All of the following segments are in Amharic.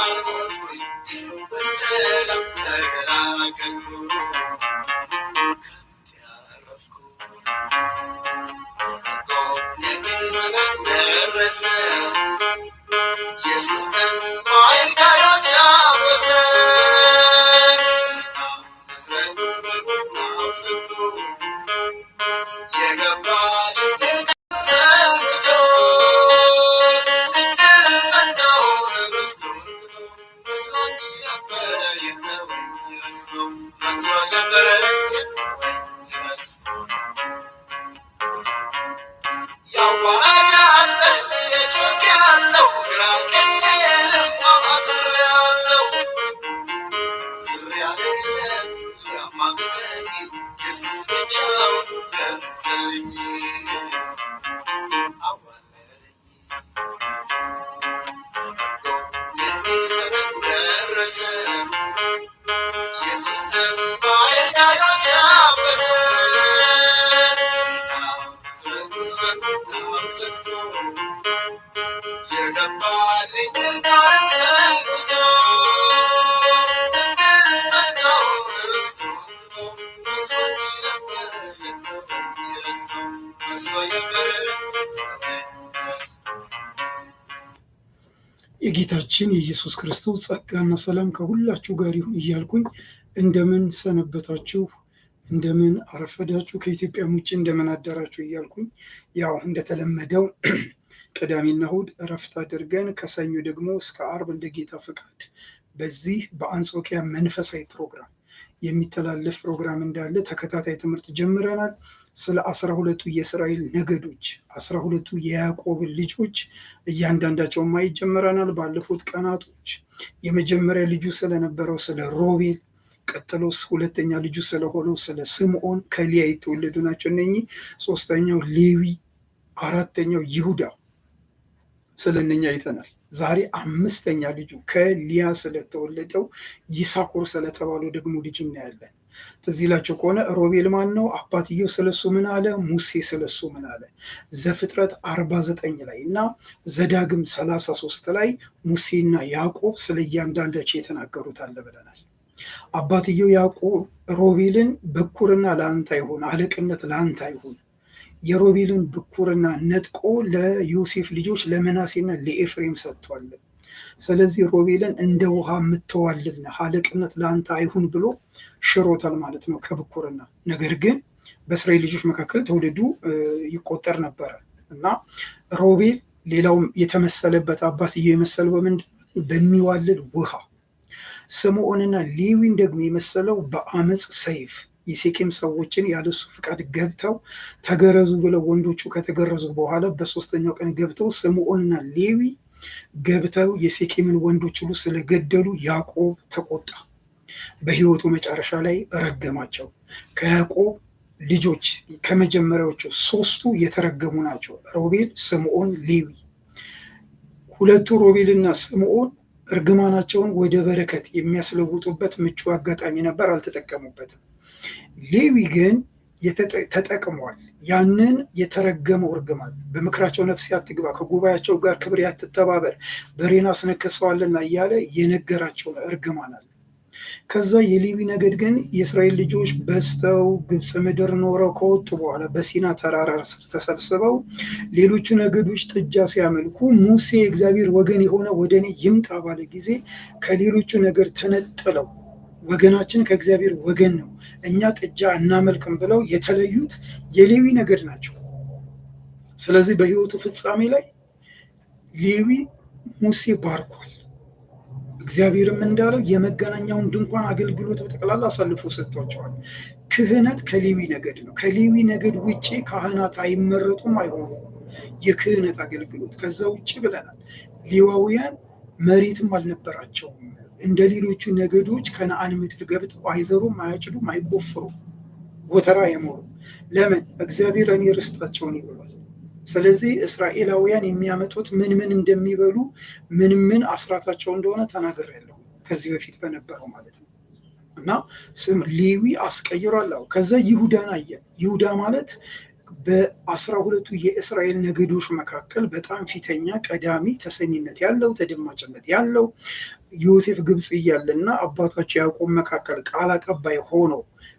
I will be. የጌታችን የኢየሱስ ክርስቶስ ጸጋና ሰላም ከሁላችሁ ጋር ይሁን እያልኩኝ እንደምን ሰነበታችሁ፣ እንደምን አረፈዳችሁ፣ ከኢትዮጵያም ውጭ እንደምን አደራችሁ እያልኩኝ ያው እንደተለመደው ቅዳሜና እሑድ እረፍት አድርገን ከሰኞ ደግሞ እስከ አርብ እንደ ጌታ ፈቃድ በዚህ በአንጾኪያ መንፈሳዊ ፕሮግራም የሚተላለፍ ፕሮግራም እንዳለ ተከታታይ ትምህርት ጀምረናል። ስለ አስራ ሁለቱ የእስራኤል ነገዶች አስራ ሁለቱ የያዕቆብ ልጆች እያንዳንዳቸውን ማየት ጀምረናል ባለፉት ቀናቶች። የመጀመሪያ ልጁ ስለነበረው ስለ ሮቤል፣ ቀጥሎ ሁለተኛ ልጁ ስለሆነው ስለ ስምዖን ከሊያ የተወለዱ ናቸው እነኚህ። ሶስተኛው ሌዊ፣ አራተኛው ይሁዳ። ስለ እነኛ አይተናል። ዛሬ አምስተኛ ልጁ ከሊያ ስለተወለደው ይሳኮር ስለተባለው ደግሞ ልጅ እናያለን። ትዝ ይላቸው ከሆነ ሮቤል ማን ነው? አባትየው ስለሱ ምን አለ? ሙሴ ስለሱ ምን አለ? ዘፍጥረት አርባ ዘጠኝ ላይ እና ዘዳግም ሰላሳ ሶስት ላይ ሙሴና ያዕቆብ ስለ እያንዳንዳቸው የተናገሩት አለ ብለናል። አባትየው ያዕቆብ ሮቤልን በኩርና ለአንተ ይሁን፣ አለቅነት ለአንተ ይሁን የሮቤልን ብኩርና ነጥቆ ለዮሴፍ ልጆች ለመናሴና ለኤፍሬም ሰጥቷል። ስለዚህ ሮቤልን እንደ ውሃ የምተዋልን አለቅነት ለአንተ አይሁን ብሎ ሽሮታል ማለት ነው ከብኩርና። ነገር ግን በእስራኤል ልጆች መካከል ትውልዱ ይቆጠር ነበረ እና ሮቤል ሌላውም የተመሰለበት አባትዬ የመሰለው በምንድን በሚዋልል ውሃ፣ ስምዖንና ሌዊን ደግሞ የመሰለው በአመፅ ሰይፍ የሴኬም ሰዎችን ያለሱ ፍቃድ ገብተው ተገረዙ ብለው ወንዶቹ ከተገረዙ በኋላ በሶስተኛው ቀን ገብተው ስምዖንና ሌዊ ገብተው የሴኬምን ወንዶች ሁሉ ስለገደሉ ያዕቆብ ተቆጣ፣ በህይወቱ መጨረሻ ላይ ረገማቸው። ከያዕቆብ ልጆች ከመጀመሪያዎቹ ሶስቱ የተረገሙ ናቸው፣ ሮቤል፣ ስምዖን፣ ሌዊ። ሁለቱ ሮቤልና ስምዖን እርግማናቸውን ወደ በረከት የሚያስለውጡበት ምቹ አጋጣሚ ነበር፣ አልተጠቀሙበትም። ሌዊ ግን ተጠቅመዋል። ያንን የተረገመው እርግማን በምክራቸው ነፍስ ያትግባ፣ ከጉባኤያቸው ጋር ክብር ያትተባበር፣ በሬን አስነክሰዋልና እያለ የነገራቸው እርግማን አለ። ከዛ የሌዊ ነገድ ግን የእስራኤል ልጆች በስተው ግብፅ ምድር ኖረው ከወጡ በኋላ በሲና ተራራ ስር ተሰብስበው ሌሎቹ ነገዶች ጥጃ ሲያመልኩ ሙሴ የእግዚአብሔር ወገን የሆነ ወደ እኔ ይምጣ ባለ ጊዜ ከሌሎቹ ነገር ተነጥለው ወገናችን ከእግዚአብሔር ወገን ነው እኛ ጥጃ እናመልክም ብለው የተለዩት የሌዊ ነገድ ናቸው። ስለዚህ በህይወቱ ፍጻሜ ላይ ሌዊ ሙሴ ባርኳል። እግዚአብሔርም እንዳለው የመገናኛውን ድንኳን አገልግሎት በጠቅላላ አሳልፎ ሰጥቷቸዋል። ክህነት ከሌዊ ነገድ ነው። ከሌዊ ነገድ ውጭ ካህናት አይመረጡም፣ አይሆኑም። የክህነት አገልግሎት ከዛ ውጭ ብለናል። ሌዋውያን መሬትም አልነበራቸውም። እንደ ሌሎቹ ነገዶች ከነአን ምድር ገብተው አይዘሩም፣ አያጭዱም፣ አይቆፍሩም፣ ጎተራ አይሞሩም። ለምን? እግዚአብሔር እኔ ርስጣቸውን ይበሏል። ስለዚህ እስራኤላውያን የሚያመጡት ምን ምን እንደሚበሉ ምን ምን አስራታቸው እንደሆነ ተናግሬያለሁ፣ ከዚህ በፊት በነበረው ማለት ነው። እና ስም ሌዊ አስቀይሯል። ከዛ ይሁዳን አየ። ይሁዳ ማለት በአስራ ሁለቱ የእስራኤል ነገዶች መካከል በጣም ፊተኛ፣ ቀዳሚ፣ ተሰሚነት ያለው ተደማጭነት ያለው ዮሴፍ ግብፅ እያለና አባታቸው ያዕቆብ መካከል ቃል አቀባይ ሆኖ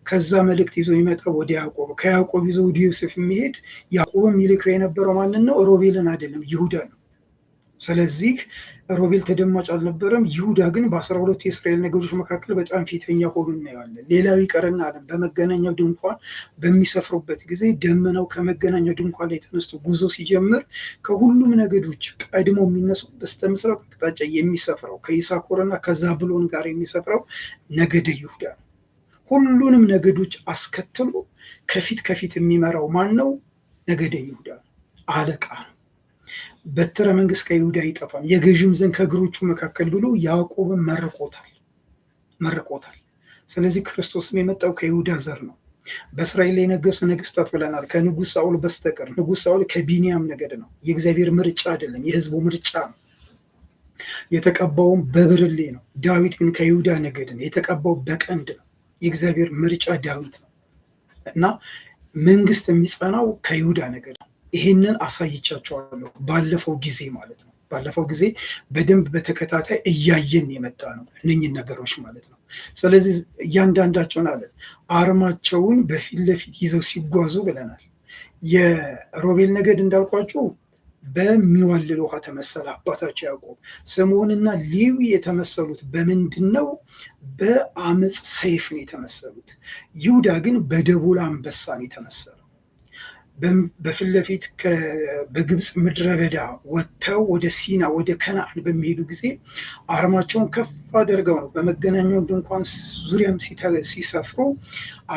ከዛ መልእክት ይዞ የሚመጣ ወደ ያዕቆብ ከያዕቆብ ይዞ ወደ ዮሴፍ የሚሄድ ያዕቆብም ይልከው የነበረው ማንን ነው? ሮቤልን አይደለም፣ ይሁዳ ነው። ስለዚህ ሮቤል ተደማጭ አልነበረም። ይሁዳ ግን በአስራ ሁለቱ የእስራኤል ነገዶች መካከል በጣም ፊተኛ ሆኑ እናየዋለን። ሌላው ይቀርና አለም በመገናኛው ድንኳን በሚሰፍሩበት ጊዜ ደመናው ከመገናኛው ድንኳን ላይ ተነስቶ ጉዞ ሲጀምር ከሁሉም ነገዶች ቀድሞ የሚነሳው በስተምስራቅ አቅጣጫ የሚሰፍረው ከይሳኮርና ከዛብሎን ጋር የሚሰፍረው ነገደ ይሁዳ ነው። ሁሉንም ነገዶች አስከትሎ ከፊት ከፊት የሚመራው ማን ነው? ነገደ ይሁዳ አለቃ ነው። በትረ መንግስት ከይሁዳ አይጠፋም የገዥም ዘንድ ከእግሮቹ መካከል ብሎ ያዕቆብን መርቆታል መርቆታል። ስለዚህ ክርስቶስም የመጣው ከይሁዳ ዘር ነው። በእስራኤል ላይ የነገሱ ነገስታት ብለናል፣ ከንጉስ ሳኦል በስተቀር። ንጉስ ሳኦል ከቢንያም ነገድ ነው። የእግዚአብሔር ምርጫ አይደለም፣ የህዝቡ ምርጫ ነው። የተቀባውም በብርሌ ነው። ዳዊት ግን ከይሁዳ ነገድ ነው። የተቀባው በቀንድ ነው። የእግዚአብሔር ምርጫ ዳዊት ነው እና መንግስት የሚጸናው ከይሁዳ ነገድ ነው። ይህንን አሳይቻቸዋለሁ። ባለፈው ጊዜ ማለት ነው። ባለፈው ጊዜ በደንብ በተከታታይ እያየን የመጣ ነው እነኝን ነገሮች ማለት ነው። ስለዚህ እያንዳንዳቸውን አለን አርማቸውን በፊት ለፊት ይዘው ሲጓዙ ብለናል። የሮቤል ነገድ እንዳልቋቸው በሚዋልል ውሃ ተመሰለ አባታቸው ያዕቆብ። ስምዖንና ሌዊ የተመሰሉት በምንድን ነው? በአመፅ ሰይፍ ነው የተመሰሉት። ይሁዳ ግን በደቦል አንበሳ ነው የተመሰሉ በፊት ለፊት በግብፅ ምድረ በዳ ወጥተው ወደ ሲና ወደ ከነአን በሚሄዱ ጊዜ አርማቸውን ከፍ አድርገው ነው በመገናኛው ድንኳን ዙሪያም ሲሰፍሩ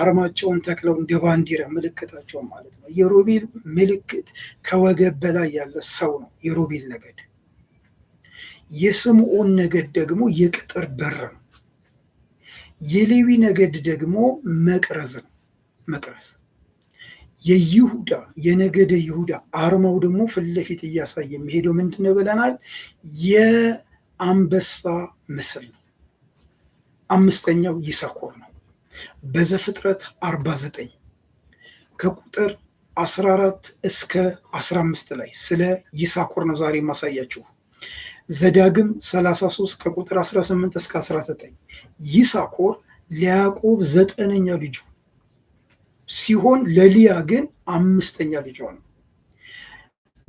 አርማቸውን ተክለው እንደ ባንዲራ ምልክታቸው ማለት ነው። የሮቤል ምልክት ከወገብ በላይ ያለ ሰው ነው የሮቤል ነገድ። የስምዖን ነገድ ደግሞ የቅጥር በር ነው። የሌዊ ነገድ ደግሞ መቅረዝ ነው መቅረዝ የይሁዳ የነገደ ይሁዳ አርማው ደግሞ ፊት ለፊት እያሳየ የሚሄደው ምንድን ነው ብለናል? የአንበሳ ምስል ነው። አምስተኛው ይሳኮር ነው። በዘፍጥረት 49 ከቁጥር 14 እስከ 15 ላይ ስለ ይሳኮር ነው ዛሬ የማሳያችሁ። ዘዳግም 33 ከቁጥር 18 እስከ 19 ይሳኮር ለያዕቆብ ዘጠነኛ ልጁ ሲሆን ለሊያ ግን አምስተኛ ልጇ ነው።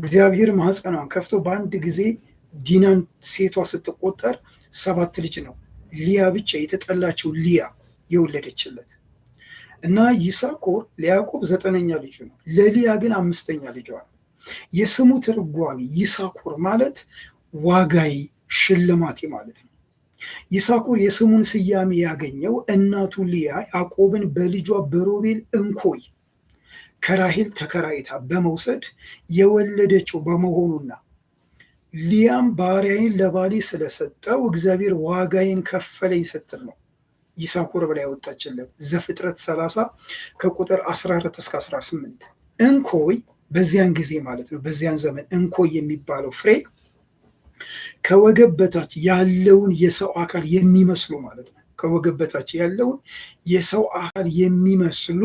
እግዚአብሔር ማኅፀኗን ከፍቶ በአንድ ጊዜ ዲናን ሴቷ ስትቆጠር ሰባት ልጅ ነው ሊያ ብቻ የተጠላችው ሊያ የወለደችለት እና ይሳኮር ለያዕቆብ ዘጠነኛ ልጁ ነው። ለሊያ ግን አምስተኛ ልጇ ነው። የስሙ ትርጓሜ ይሳኮር ማለት ዋጋዬ፣ ሽልማቴ ማለት ነው። ይሳኮር የስሙን ስያሜ ያገኘው እናቱ ሊያ ያዕቆብን በልጇ በሮቤል እንኮይ ከራሄል ተከራይታ በመውሰድ የወለደችው በመሆኑና ሊያም ባሪያዬን ለባሌ ስለሰጠው እግዚአብሔር ዋጋዬን ከፈለኝ ስትል ነው ይሳኮር ብላ ያወጣችለት። ዘፍጥረት 30 ከቁጥር 14 እስከ 18። እንኮይ በዚያን ጊዜ ማለት ነው፣ በዚያን ዘመን እንኮይ የሚባለው ፍሬ ከወገብ በታች ያለውን የሰው አካል የሚመስሉ ማለት ነው። ከወገብ በታች ያለውን የሰው አካል የሚመስሉ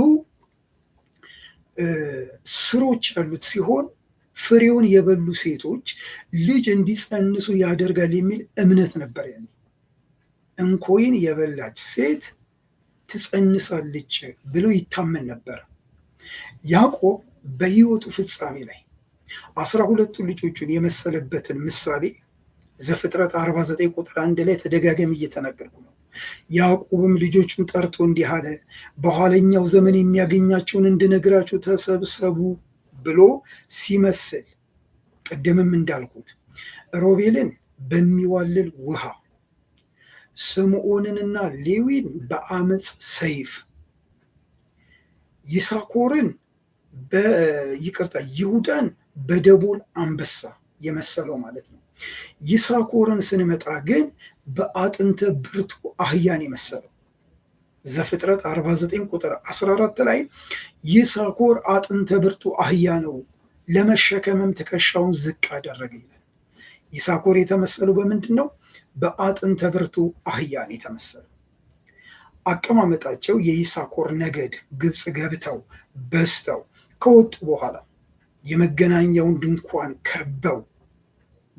ስሮች ያሉት ሲሆን ፍሬውን የበሉ ሴቶች ልጅ እንዲጸንሱ ያደርጋል የሚል እምነት ነበር። ያ እንኮይን የበላች ሴት ትጸንሳለች ብሎ ይታመን ነበር። ያዕቆብ በሕይወቱ ፍጻሜ ላይ አስራ ሁለቱ ልጆቹን የመሰለበትን ምሳሌ ዘፍጥረት 49 ቁጥር አንድ ላይ ተደጋጋሚ እየተናገርኩ ነው። ያዕቆብም ልጆቹን ጠርቶ እንዲህ አለ፣ በኋለኛው ዘመን የሚያገኛቸውን እንድነግራችሁ ተሰብሰቡ ብሎ ሲመስል ቅድምም እንዳልኩት ሮቤልን በሚዋልል ውሃ፣ ስምዖንንና ሌዊን በአመፅ ሰይፍ፣ ይሳኮርን በይቅርታ ይሁዳን በደቦል አንበሳ የመሰለው ማለት ነው። ይሳኮርን ስንመጣ ግን በአጥንተ ብርቱ አህያን የመሰለው ዘፍጥረት 49 ቁጥር 14 ላይ ይሳኮር አጥንተ ብርቱ አህያ ነው፣ ለመሸከምም ትከሻውን ዝቅ አደረገ ይላል። ይሳኮር የተመሰሉ በምንድን ነው? በአጥንተ ብርቱ አህያን የተመሰለ አቀማመጣቸው የይሳኮር ነገድ ግብፅ ገብተው በስተው ከወጡ በኋላ የመገናኛውን ድንኳን ከበው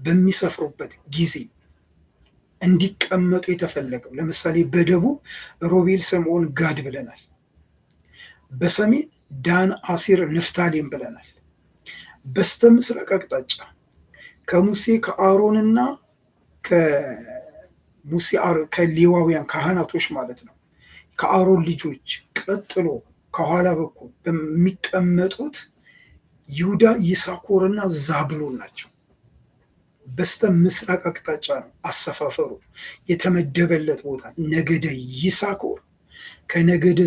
በሚሰፍሩበት ጊዜ እንዲቀመጡ የተፈለገው። ለምሳሌ በደቡብ ሮቤል፣ ስምዖን፣ ጋድ ብለናል። በሰሜን ዳን፣ አሲር ንፍታሌም ብለናል። በስተ ምስራቅ አቅጣጫ ከሙሴ ከአሮንና ከሙሴ ከሌዋውያን ካህናቶች ማለት ነው ከአሮን ልጆች ቀጥሎ ከኋላ በኩል በሚቀመጡት ይሁዳ፣ ይሳኮርና ዛብሎን ናቸው። በስተ ምስራቅ አቅጣጫ ነው አሰፋፈሩ የተመደበለት ቦታ ነገደ ይሳኮር ከነገደ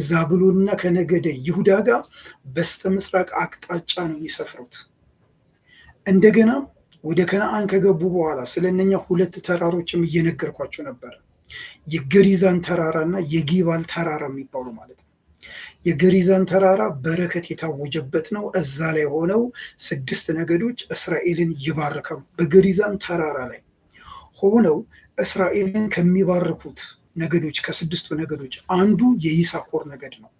እና ከነገደ ይሁዳ ጋር በስተ ምስራቅ አቅጣጫ ነው የሚሰፍሩት። እንደገና ወደ ከነአን ከገቡ በኋላ ስለነኛ ሁለት ተራሮችም እየነገርኳቸው ነበረ፣ የገሪዛን ተራራ እና የጊባል ተራራ የሚባሉ ማለት ነው። የገሪዛን ተራራ በረከት የታወጀበት ነው። እዛ ላይ ሆነው ስድስት ነገዶች እስራኤልን ይባርካሉ። በገሪዛን ተራራ ላይ ሆነው እስራኤልን ከሚባርኩት ነገዶች ከስድስቱ ነገዶች አንዱ የይሳኮር ነገድ ነው።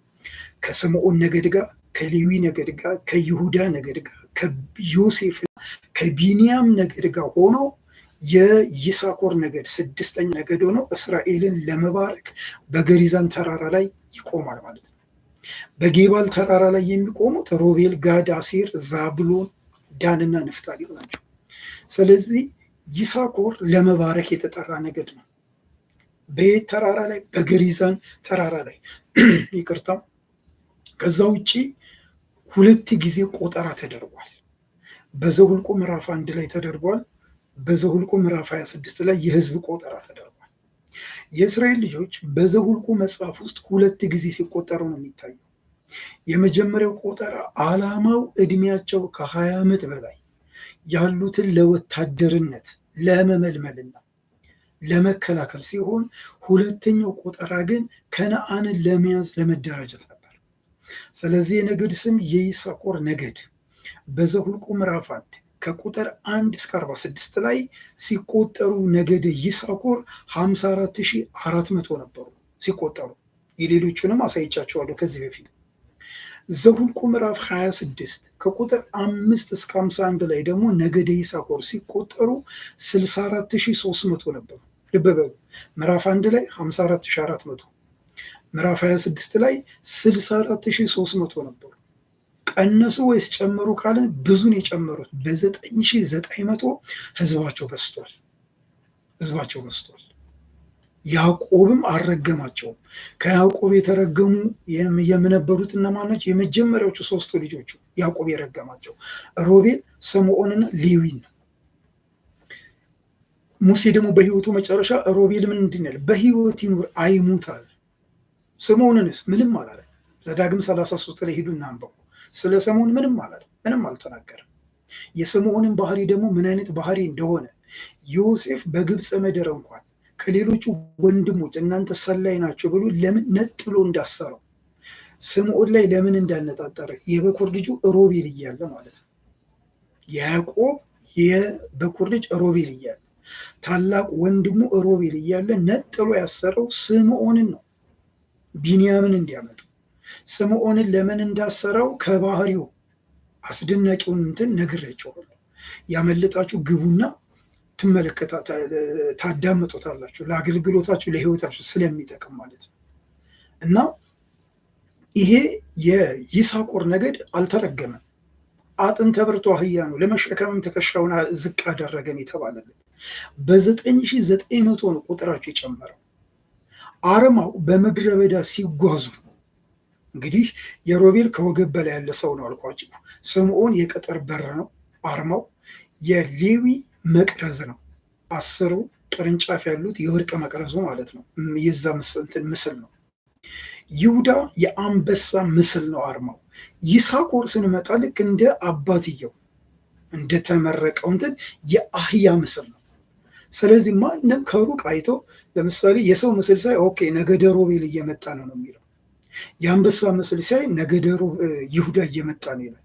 ከስምዖን ነገድ ጋር፣ ከሌዊ ነገድ ጋር፣ ከይሁዳ ነገድ ጋር፣ ከዮሴፍ ከቢንያም ነገድ ጋር ሆኖ የይሳኮር ነገድ ስድስተኛ ነገድ ሆኖ እስራኤልን ለመባረክ በገሪዛን ተራራ ላይ ይቆማል ማለት ነው። በጌባል ተራራ ላይ የሚቆሙት ሮቤል፣ ጋድ፣ አሴር፣ ዛብሎን፣ ዳንና ንፍታሊ ናቸው። ስለዚህ ይሳኮር ለመባረክ የተጠራ ነገድ ነው። በየት ተራራ ላይ? በገሪዛን ተራራ ላይ ይቅርታ። ከዛ ውጭ ሁለት ጊዜ ቆጠራ ተደርጓል። በዘሁልቁ ምዕራፍ አንድ ላይ ተደርጓል። በዘሁልቁ ምዕራፍ 26 ላይ የህዝብ ቆጠራ ተደርጓል። የእስራኤል ልጆች በዘሁልቁ መጽሐፍ ውስጥ ሁለት ጊዜ ሲቆጠሩ ነው የሚታየው። የመጀመሪያው ቆጠራ ዓላማው እድሜያቸው ከሀያ ዓመት በላይ ያሉትን ለወታደርነት ለመመልመልና ለመከላከል ሲሆን ሁለተኛው ቆጠራ ግን ከነአንን ለመያዝ ለመደራጀት ነበር። ስለዚህ የነገድ ስም የይሳኮር ነገድ በዘሁልቁ ምዕራፍ አንድ ከቁጥር 1 እስከ 46 ላይ ሲቆጠሩ ነገደ ይሳኮር 54400 ነበሩ ሲቆጠሩ። የሌሎቹንም አሳይቻቸዋለሁ ከዚህ በፊት። ዘሁልቁ ምዕራፍ 26 ከቁጥር 5 እስከ 51 ላይ ደግሞ ነገደ ይሳኮር ሲቆጠሩ 64300 ነበሩ። ልብ በሉ ምዕራፍ 1 ላይ 54400 ምዕራፍ 26 ላይ 64300 ነበሩ። ቀነሱ ወይስ ጨምሩ ካልን ብዙን የጨመሩት በዘጠኝ ሺ ዘጠኝ መቶ ህዝባቸው በስቷል። ህዝባቸው በስቷል። ያዕቆብም አልረገማቸውም። ከያዕቆብ የተረገሙ የምነበሩት እነማን የመጀመሪያዎቹ ሶስቱ ልጆቹ ያዕቆብ የረገማቸው ሮቤል፣ ስምዖንና ሌዊን ነው። ሙሴ ደግሞ በህይወቱ መጨረሻ ሮቤል ምን እንድንል በህይወት ይኑር አይሙታል። ስምዖንንስ ምንም አላለ። ዘዳግም 33 ላይ ሄዱ እናንበው። ስለ ስምዖን ምንም አላለም፣ ምንም አልተናገረም የስምዖንን ባህሪ ደግሞ ምን አይነት ባህሪ እንደሆነ ዮሴፍ በግብፅ ምድር እንኳን ከሌሎቹ ወንድሞች እናንተ ሰላይ ናቸው ብሎ ለምን ነጥሎ እንዳሰረው ስምዖን ላይ ለምን እንዳነጣጠረ የበኩር ልጁ ሮቤል እያለ ማለት ነው። ያዕቆብ የበኩር ልጅ ሮቤል እያለ ታላቅ ወንድሙ ሮቤል እያለ ነጥሎ ያሰረው ስምዖንን ነው፣ ቢንያምን እንዲያመጡ ስምዖንን ለምን እንዳሰራው ከባህሪው አስደናቂውን እንትን ነግሬያቸዋለሁ። ያመለጣችሁ ግቡና ትመለከታ ታዳምጦታላችሁ። ለአገልግሎታችሁ ለህይወታችሁ ስለሚጠቅም ማለት ነው እና ይሄ የይሳቆር ነገድ አልተረገመም። አጥንተ ብርቱ አህያ ነው፣ ለመሸከምም ትከሻውን ዝቅ አደረገን የተባለለት በዘጠኝ ሺህ ዘጠኝ መቶ ነው ቁጥራቸው የጨመረው። አርማው በምድረ በዳ ሲጓዙ እንግዲህ የሮቤል ከወገብ በላይ ያለ ሰው ነው አልኳቸው። ስምዖን የቅጥር በር ነው አርማው። የሌዊ መቅረዝ ነው አስሩ ቅርንጫፍ ያሉት የወርቅ መቅረዙ ማለት ነው። የዛ ምስል ነው። ይሁዳ የአንበሳ ምስል ነው አርማው። ይሳኮር ስንመጣ ልክ እንደ አባትየው እንደተመረቀው እንትን የአህያ ምስል ነው። ስለዚህ ማንም ከሩቅ አይቶ ለምሳሌ የሰው ምስል ሳይ ኦኬ ነገደ ሮቤል እየመጣ ነው ነው የሚለው የአንበሳ ምስል ሲያይ ነገደሩ ይሁዳ እየመጣ ነው ይላል።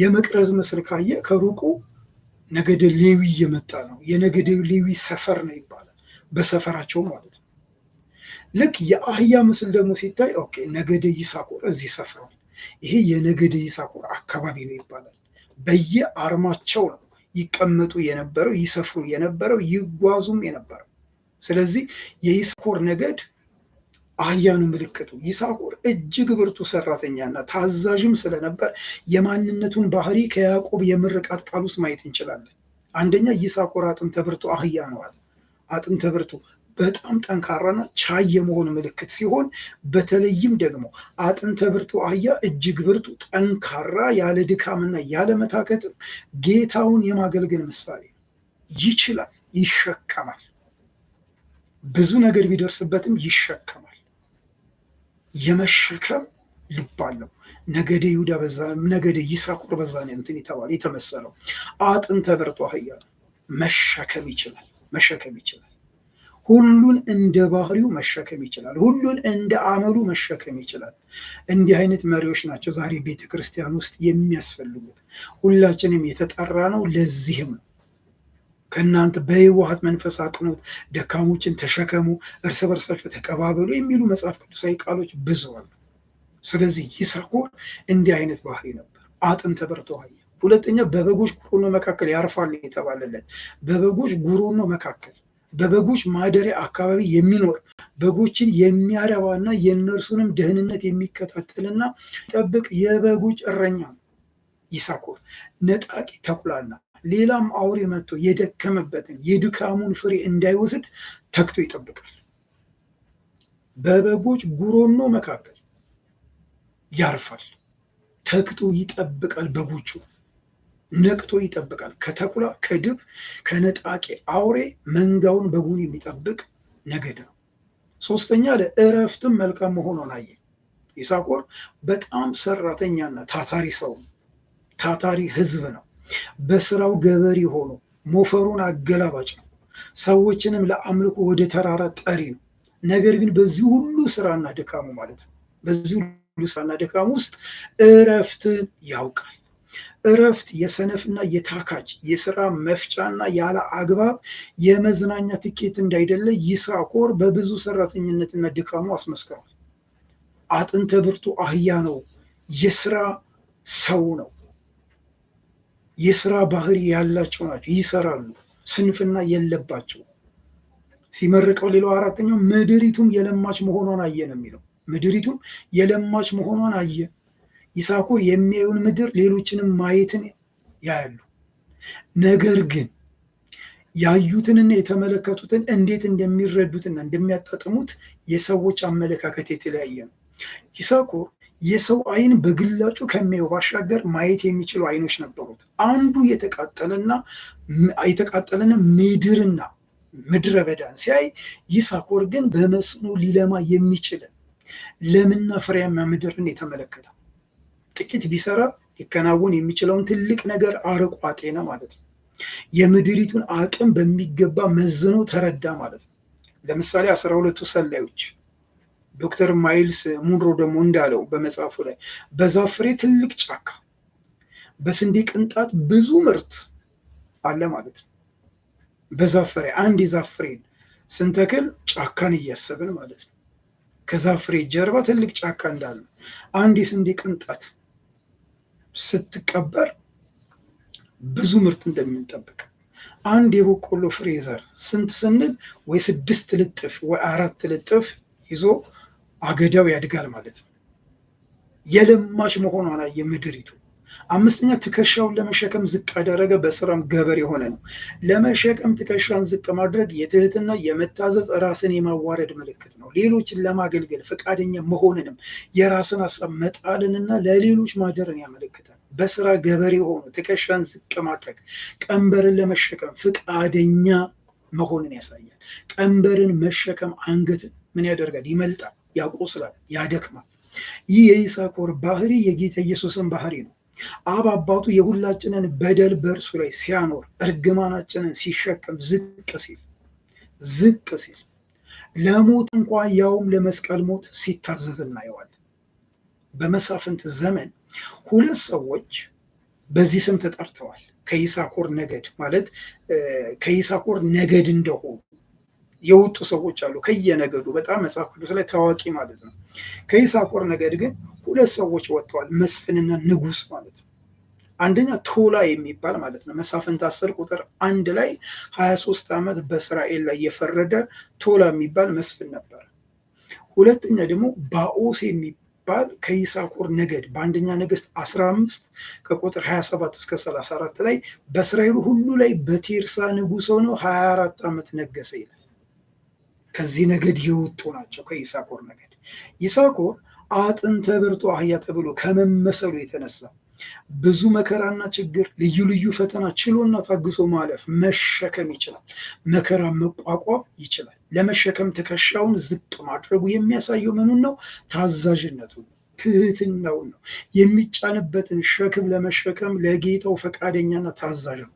የመቅረዝ ምስል ካየ ከሩቁ ነገደ ሌዊ እየመጣ ነው፣ የነገደ ሌዊ ሰፈር ነው ይባላል። በሰፈራቸው ማለት ነው። ልክ የአህያ ምስል ደግሞ ሲታይ ኦኬ ነገደ ይሳኮር እዚህ ሰፍሯል፣ ይሄ የነገደ ይሳኮር አካባቢ ነው ይባላል። በየአርማቸው ነው ይቀመጡ የነበረው ይሰፍሩ የነበረው ይጓዙም የነበረው። ስለዚህ የይሳኮር ነገድ አህያ ነው ምልክቱ። ይሳኮር እጅግ ብርቱ ሰራተኛና ታዛዥም ስለነበር የማንነቱን ባህሪ ከያዕቆብ የምርቃት ቃል ውስጥ ማየት እንችላለን። አንደኛ ይሳኮር አጥንተ ብርቱ አህያ ነው አለ። አጥንተ ብርቱ በጣም ጠንካራና ቻይ የመሆን ምልክት ሲሆን በተለይም ደግሞ አጥንተ ብርቱ አህያ እጅግ ብርቱ፣ ጠንካራ፣ ያለ ድካምና ያለ መታከትም ጌታውን የማገልገል ምሳሌ ይችላል፣ ይሸከማል። ብዙ ነገር ቢደርስበትም ይሸከማል። የመሸከም ልብ አለው። ነገደ ይሁዳ በዛ ነገደ ይሳኮር በዛ እንትን የተባለ የተመሰለው አጥንተ በርቶ አህያ መሸከም ይችላል። መሸከም ይችላል። ሁሉን እንደ ባህሪው መሸከም ይችላል። ሁሉን እንደ አመሉ መሸከም ይችላል። እንዲህ አይነት መሪዎች ናቸው ዛሬ ቤተ ክርስቲያን ውስጥ የሚያስፈልጉት። ሁላችንም የተጠራ ነው ለዚህም ነው። ከእናንተ በህወሀት መንፈስ አቅኖት ደካሞችን ተሸከሙ፣ እርስ በርሳቸው ተቀባበሉ የሚሉ መጽሐፍ ቅዱሳዊ ቃሎች ብዙ አሉ። ስለዚህ ይሳኮር እንዲህ አይነት ባህሪ ነበር። አጥን በርቶ አየ። ሁለተኛ በበጎች ጉሮኖ መካከል ያርፋል የተባለለት በበጎች ጉሮኖ መካከል በበጎች ማደሪያ አካባቢ የሚኖር በጎችን የሚያረባና የእነርሱንም ደህንነት የሚከታተልና ጠብቅ የበጎች እረኛ ነው። ይሳኮር ነጣቂ ተኩላና ሌላም አውሬ መጥቶ የደከመበትን የድካሙን ፍሬ እንዳይወስድ ተክቶ ይጠብቃል። በበጎች ጉሮኖ መካከል ያርፋል። ተክቶ ይጠብቃል። በጎቹ ነቅቶ ይጠብቃል። ከተኩላ፣ ከድብ፣ ከነጣቂ አውሬ መንጋውን በጉን የሚጠብቅ ነገድ ነው። ሶስተኛ ለእረፍትም መልካም መሆኗን አየ። ይሳኮር በጣም ሰራተኛና ታታሪ ሰው ታታሪ ህዝብ ነው። በስራው ገበሬ ሆኖ ሞፈሩን አገላባጭ ነው። ሰዎችንም ለአምልኮ ወደ ተራራ ጠሪ ነው። ነገር ግን በዚህ ሁሉ ስራና ድካሙ ማለት ነው በዚህ ሁሉ ስራና ድካሙ ውስጥ እረፍትን ያውቃል። እረፍት የሰነፍና የታካች የስራ መፍጫና ያለ አግባብ የመዝናኛ ትኬት እንዳይደለ ይሳኮር በብዙ ሰራተኝነትና ድካሙ አስመስክሯል። አጥንተ ብርቱ አህያ ነው፣ የስራ ሰው ነው። የስራ ባህሪ ያላቸው ናቸው፣ ይሰራሉ፣ ስንፍና የለባቸው። ሲመርቀው ሌላው አራተኛው ምድሪቱም የለማች መሆኗን አየ ነው የሚለው። ምድሪቱም የለማች መሆኗን አየ። ይሳኮር የሚያዩን ምድር ሌሎችንም ማየትን ያያሉ። ነገር ግን ያዩትንና የተመለከቱትን እንዴት እንደሚረዱትና እንደሚያጣጥሙት የሰዎች አመለካከት የተለያየ ነው። ይሳኮር የሰው አይን በግላጩ ከሚያየው ባሻገር ማየት የሚችሉ አይኖች ነበሩት። አንዱ የተቃጠለና የተቃጠለና ምድርና ምድረ በዳን ሲያይ ይሳኮር ግን በመስኖ ሊለማ የሚችልን ለምና ፍሬያማ ምድርን የተመለከተ ጥቂት ቢሰራ ሊከናወን የሚችለውን ትልቅ ነገር አርቆ አጤነ ማለት ነው። የምድሪቱን አቅም በሚገባ መዝኖ ተረዳ ማለት ነው። ለምሳሌ አስራ ሁለቱ ሰላዮች ዶክተር ማይልስ ሙንሮ ደግሞ እንዳለው በመጽሐፉ ላይ በዛፍ ፍሬ ትልቅ ጫካ፣ በስንዴ ቅንጣት ብዙ ምርት አለ ማለት ነው። በዛፍ ፍሬ አንድ የዛፍ ፍሬን ስንተክል ጫካን እያሰብን ማለት ነው። ከዛፍ ፍሬ ጀርባ ትልቅ ጫካ እንዳለ አንድ የስንዴ ቅንጣት ስትቀበር ብዙ ምርት እንደምንጠብቅ አንድ የበቆሎ ፍሬ ዘር ስንት ስንል ወይ ስድስት ልጥፍ ወይ አራት ልጥፍ ይዞ አገዳው ያድጋል ማለት ነው። የለማች መሆኗ አየ ምድሪቱ። አምስተኛ ትከሻውን ለመሸከም ዝቅ ያደረገ በስራም ገበር የሆነ ነው። ለመሸከም ትከሻን ዝቅ ማድረግ የትህትና የመታዘዝ ራስን የማዋረድ ምልክት ነው። ሌሎችን ለማገልገል ፈቃደኛ መሆንንም የራስን ሀሳብ መጣልንና ለሌሎች ማደርን ያመለክታል። በስራ ገበሬ የሆኑ ትከሻን ዝቅ ማድረግ ቀንበርን ለመሸከም ፈቃደኛ መሆንን ያሳያል። ቀንበርን መሸከም አንገትን ምን ያደርጋል? ይመልጣል። ያቆስላል፣ ያደክማል። ይህ የይሳኮር ባህሪ የጌታ ኢየሱስን ባህሪ ነው። አብ አባቱ የሁላችንን በደል በእርሱ ላይ ሲያኖር፣ እርግማናችንን ሲሸከም፣ ዝቅ ሲል ዝቅ ሲል ለሞት እንኳ ያውም ለመስቀል ሞት ሲታዘዝ እናየዋለን። በመሳፍንት ዘመን ሁለት ሰዎች በዚህ ስም ተጠርተዋል። ከይሳኮር ነገድ ማለት ከይሳኮር ነገድ እንደሆኑ የወጡ ሰዎች አሉ ከየነገዱ በጣም መጽሐፍ ቅዱስ ላይ ታዋቂ ማለት ነው። ከይሳኮር ነገድ ግን ሁለት ሰዎች ወጥተዋል፣ መስፍንና ንጉስ ማለት ነው። አንደኛ ቶላ የሚባል ማለት ነው መሳፍንት አስር ቁጥር አንድ ላይ ሀያ ሶስት ዓመት በእስራኤል ላይ የፈረደ ቶላ የሚባል መስፍን ነበር። ሁለተኛ ደግሞ ባኦስ የሚባል ከይሳኮር ነገድ በአንደኛ ነገስት አስራ አምስት ከቁጥር ሀያ ሰባት እስከ ሰላሳ አራት ላይ በእስራኤል ሁሉ ላይ በቴርሳ ንጉስ ሆኖ ሀያ አራት ዓመት ነገሰ ይላል። ከዚህ ነገድ የወጡ ናቸው። ከይሳኮር ነገድ ይሳኮር አጥንተ በርቶ አህያ ተብሎ ከመመሰሉ የተነሳ ብዙ መከራና ችግር፣ ልዩ ልዩ ፈተና ችሎና ታግሶ ማለፍ መሸከም ይችላል። መከራ መቋቋም ይችላል። ለመሸከም ትከሻውን ዝቅ ማድረጉ የሚያሳየው ምኑን ነው? ታዛዥነቱን ትህትናውን ነው። የሚጫንበትን ሸክም ለመሸከም ለጌታው ፈቃደኛና ታዛዥ ነው።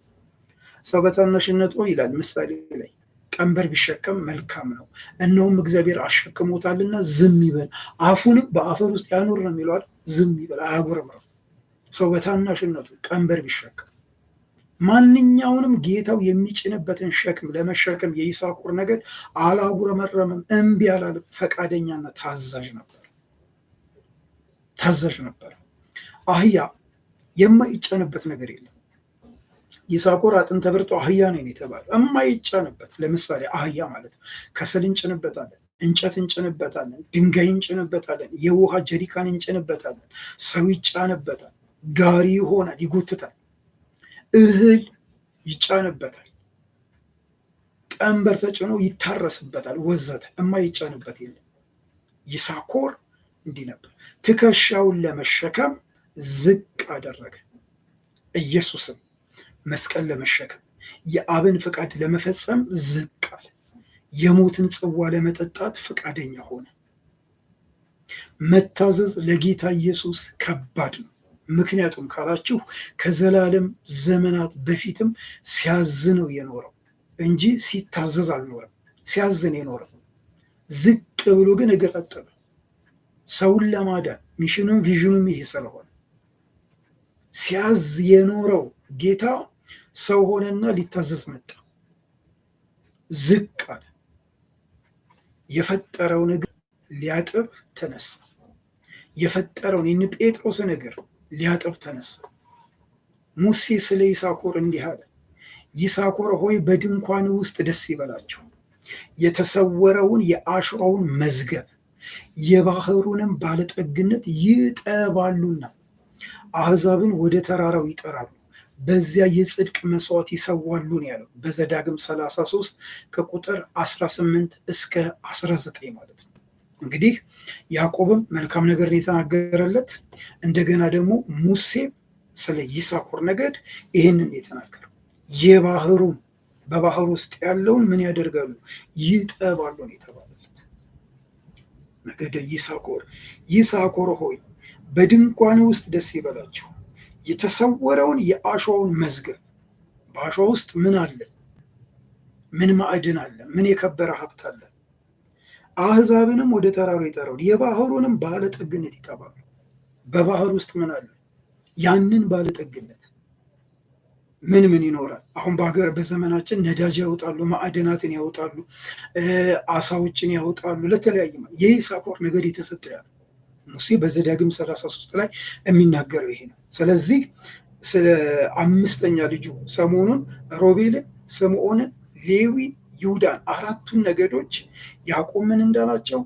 ሰው በታናሽነቱ ይላል ምሳሌ ላይ ቀንበር ቢሸከም መልካም ነው፣ እነውም እግዚአብሔር አሸክሞታልና ዝም ይበል፣ አፉንም በአፈር ውስጥ ያኑር ነው የሚለዋል። ዝም ይበል፣ አያጉረምርም። ሰው በታናሽነቱ ቀንበር ቢሸከም ማንኛውንም ጌታው የሚጭንበትን ሸክም ለመሸከም የይሳኮር ነገድ አላጉረመረምም፣ እምቢ አላለም። ፈቃደኛና ታዛዥ ነበር፣ ታዛዥ ነበር። አህያ የማይጨንበት ነገር የለም። ይሳኮር አጥንተ ብርጦ አህያ ነው የተባለ የማይጫንበት ለምሳሌ አህያ ማለት ነው። ከሰል እንጭንበታለን፣ እንጨት እንጭንበታለን፣ ድንጋይ እንጭንበታለን፣ የውሃ ጀሪካን እንጭንበታለን። ሰው ይጫንበታል፣ ጋሪ ይሆናል፣ ይጎትታል። እህል ይጫንበታል፣ ቀንበር ተጭኖ ይታረስበታል፣ ወዘተ የማይጫንበት የለም። ይሳኮር እንዲህ ነበር። ትከሻውን ለመሸከም ዝቅ አደረገ። ኢየሱስም መስቀል ለመሸከም የአብን ፍቃድ ለመፈጸም ዝቅ አለ። የሞትን ጽዋ ለመጠጣት ፈቃደኛ ሆነ። መታዘዝ ለጌታ ኢየሱስ ከባድ ነው። ምክንያቱም ካላችሁ ከዘላለም ዘመናት በፊትም ሲያዝነው የኖረው እንጂ ሲታዘዝ አልኖረም። ሲያዝን የኖረው ዝቅ ብሎ ግን እግር አጠበ። ሰውን ለማዳን ሚሽኑም ቪዥኑም ይሄ ስለሆነ ሲያዝ የኖረው ጌታ ሰው ሆነና ሊታዘዝ መጣ። ዝቅ አለ። የፈጠረውን እግር ሊያጥብ ተነሳ። የፈጠረውን የጴጥሮስን እግር ሊያጥብ ተነሳ። ሙሴ ስለ ይሳኮር እንዲህ አለ፣ ይሳኮር ሆይ በድንኳን ውስጥ ደስ ይበላቸው፣ የተሰወረውን የአሽሮውን መዝገብ የባህሩንም ባለጠግነት ይጠባሉና አህዛብን ወደ ተራራው ይጠራሉ በዚያ የጽድቅ መስዋዕት ይሰዋሉ ነው ያለው በዘዳግም 33 ከቁጥር 18 እስከ 19 ማለት ነው። እንግዲህ ያዕቆብም መልካም ነገር የተናገረለት እንደገና ደግሞ ሙሴ ስለ ይሳኮር ነገድ ይህንን የተናገረው የባህሩን በባህር ውስጥ ያለውን ምን ያደርጋሉ ይጠባሉ ነው የተባለለት። ነገደ ይሳኮር ይሳኮር ሆይ በድንኳን ውስጥ ደስ ይበላችሁ የተሰወረውን የአሸዋውን መዝገብ በአሸዋ ውስጥ ምን አለ? ምን ማዕድን አለ? ምን የከበረ ሀብት አለ? አህዛብንም ወደ ተራሩ ይጠራሉ፣ የባህሩንም ባለጠግነት ይጠባሉ። በባህር ውስጥ ምን አለ? ያንን ባለጠግነት ምን ምን ይኖራል? አሁን በሀገር በዘመናችን ነዳጅ ያወጣሉ፣ ማዕድናትን ያወጣሉ፣ አሳዎችን ያወጣሉ። ለተለያየ ይህ ሳኮር ነገድ የተሰጠ ያለ ሙሴ በዘዳግም 33 ላይ የሚናገረው ይሄ ነው። ስለዚህ ስለ አምስተኛ ልጁ ሰሞኑን ሮቤልን፣ ስምዖንን፣ ሌዊ፣ ይሁዳን አራቱን ነገዶች ያዕቆብ እንዳላቸው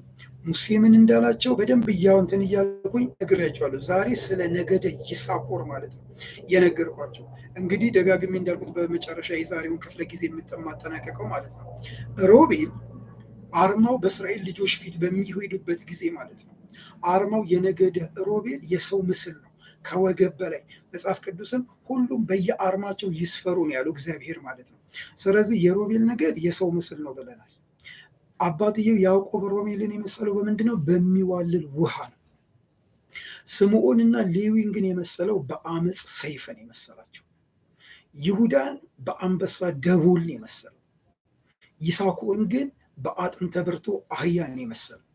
ሙሴምን እንዳላቸው በደንብ እያውንትን እያልኩኝ ነግሬያቸዋለሁ። ዛሬ ስለ ነገደ ይሳኮር ማለት ነው የነገርኳቸው። እንግዲህ ደጋግሜ እንዳልኩት በመጨረሻ የዛሬውን ክፍለ ጊዜ የምጠማጠናቀቀው ማለት ነው ሮቤል አርማው በእስራኤል ልጆች ፊት በሚሄዱበት ጊዜ ማለት ነው አርማው የነገደ ሮቤል የሰው ምስል ነው። ከወገብ በላይ መጽሐፍ ቅዱስም ሁሉም በየአርማቸው ይስፈሩ ነው ያለው እግዚአብሔር ማለት ነው። ስለዚህ የሮቤል ነገድ የሰው ምስል ነው ብለናል። አባትየው ያዕቆብ ሮሜልን የመሰለው በምንድን ነው? በሚዋልል ውሃ ነው። ስምዖንና ሌዊን ግን የመሰለው በአመፅ ሰይፍን የመሰላቸው፣ ይሁዳን በአንበሳ ደቦልን የመሰለው፣ ይሳኮን ግን በአጥንተ በርቶ አህያን የመሰለው።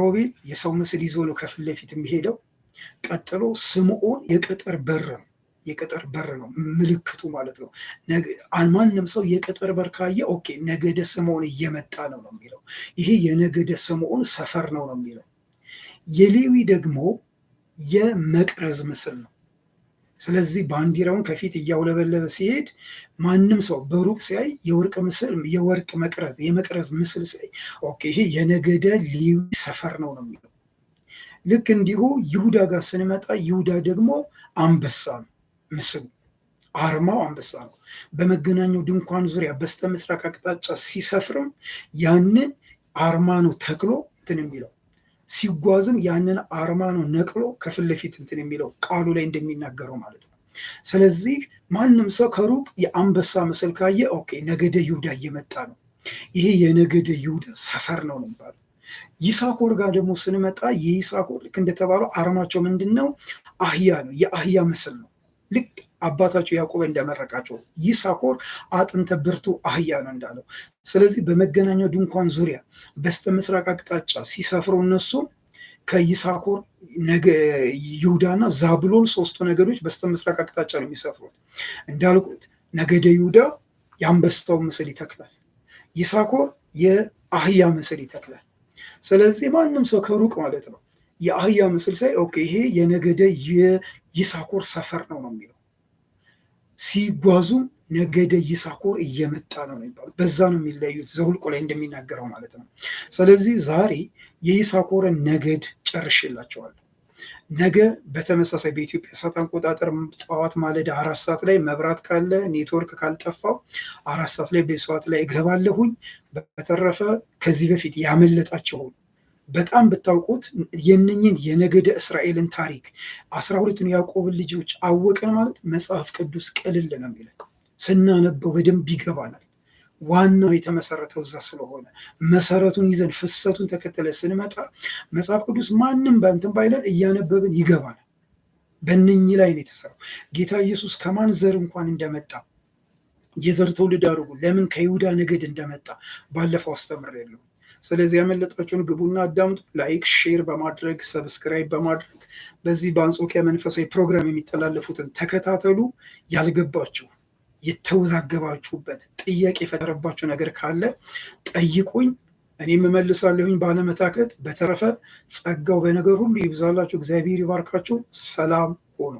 ሮቤል የሰው ምስል ይዞ ነው ከፊት ለፊት የሚሄደው። ቀጥሎ ስምዖን የቅጥር በር ነው። የቅጥር በር ነው ምልክቱ ማለት ነው። ማንም ሰው የቅጥር በር ካየ ኦኬ ነገደ ስምዖን እየመጣ ነው ነው የሚለው ይሄ የነገደ ስምዖን ሰፈር ነው ነው የሚለው። የሌዊ ደግሞ የመቅረዝ ምስል ነው። ስለዚህ ባንዲራውን ከፊት እያውለበለበ ሲሄድ ማንም ሰው በሩቅ ሲያይ የወርቅ ምስል የወርቅ መቅረዝ የመቅረዝ ምስል ሲያይ ኦኬ ይሄ የነገደ ሌዊ ሰፈር ነው ነው የሚለው ልክ እንዲሁ ይሁዳ ጋር ስንመጣ ይሁዳ ደግሞ አንበሳ ነው። ምስሉ አርማው አንበሳ ነው። በመገናኛው ድንኳን ዙሪያ በስተ ምስራቅ አቅጣጫ ሲሰፍርም ያንን አርማ ነው ተክሎ እንትን የሚለው ሲጓዝም ያንን አርማ ነው ነቅሎ ከፊት ለፊት እንትን የሚለው ቃሉ ላይ እንደሚናገረው ማለት ነው። ስለዚህ ማንም ሰው ከሩቅ የአንበሳ ምስል ካየ ኦኬ ነገደ ይሁዳ እየመጣ ነው፣ ይሄ የነገደ ይሁዳ ሰፈር ነው ነው የሚባለው ይሳኮር ጋር ደግሞ ስንመጣ የይሳኮር ልክ እንደተባለው አርማቸው ምንድን ነው? አህያ ነው። የአህያ ምስል ነው። ልክ አባታቸው ያዕቆብ እንደመረቃቸው ይሳኮር አጥንተ ብርቱ አህያ ነው እንዳለው። ስለዚህ በመገናኛው ድንኳን ዙሪያ በስተ ምስራቅ አቅጣጫ ሲሰፍሩ እነሱ ከይሳኮር ይሁዳና ዛብሎን ሶስቱ ነገዶች በስተ ምስራቅ አቅጣጫ ነው የሚሰፍሩት። እንዳልኩት ነገደ ይሁዳ የአንበሳው ምስል ይተክላል። ይሳኮር የአህያ ምስል ይተክላል። ስለዚህ ማንም ሰው ከሩቅ ማለት ነው የአህያ ምስል ሳይ ኦኬ ይሄ የነገደ የይሳኮር ሰፈር ነው ነው የሚለው ሲጓዙም ነገደ ይሳኮር እየመጣ ነው ነው በዛ ነው የሚለያዩት ዘኍልቍ ላይ እንደሚናገረው ማለት ነው። ስለዚህ ዛሬ የይሳኮርን ነገድ ጨርሼላቸዋለሁ። ነገ በተመሳሳይ በኢትዮጵያ ሰዓት አቆጣጠር ጠዋት ማለዳ አራት ሰዓት ላይ መብራት ካለ ኔትወርክ ካልጠፋው አራት ሰዓት ላይ በሰዋት ላይ እገባለሁኝ። በተረፈ ከዚህ በፊት ያመለጣቸውን በጣም ብታውቁት የነኝን የነገደ እስራኤልን ታሪክ አስራ ሁለቱን ያዕቆብን ልጆች አወቀን ማለት መጽሐፍ ቅዱስ ቅልል ነው የሚለን ስናነበው በደንብ ይገባናል። ዋናው የተመሰረተው እዛ ስለሆነ መሰረቱን ይዘን ፍሰቱን ተከተለ ስንመጣ መጽሐፍ ቅዱስ ማንም በንትን ባይለን እያነበብን ይገባል። በእነኚህ ላይ ነው የተሰራው። ጌታ ኢየሱስ ከማን ዘር እንኳን እንደመጣ የዘር ትውልድ አድርጉ ለምን ከይሁዳ ነገድ እንደመጣ ባለፈው አስተምር የለው ስለዚህ ያመለጣችሁን ግቡና አዳምጡ። ላይክ፣ ሼር በማድረግ ሰብስክራይብ በማድረግ በዚህ በአንጾኪያ መንፈሳዊ ፕሮግራም የሚተላለፉትን ተከታተሉ። ያልገባችሁ የተወዛገባችሁበት ጥያቄ የፈጠረባችሁ ነገር ካለ ጠይቁኝ፣ እኔም የምመልሳለሁኝ ባለመታከት። በተረፈ ጸጋው በነገር ሁሉ ይብዛላችሁ፣ እግዚአብሔር ይባርካችሁ። ሰላም ሆኑ።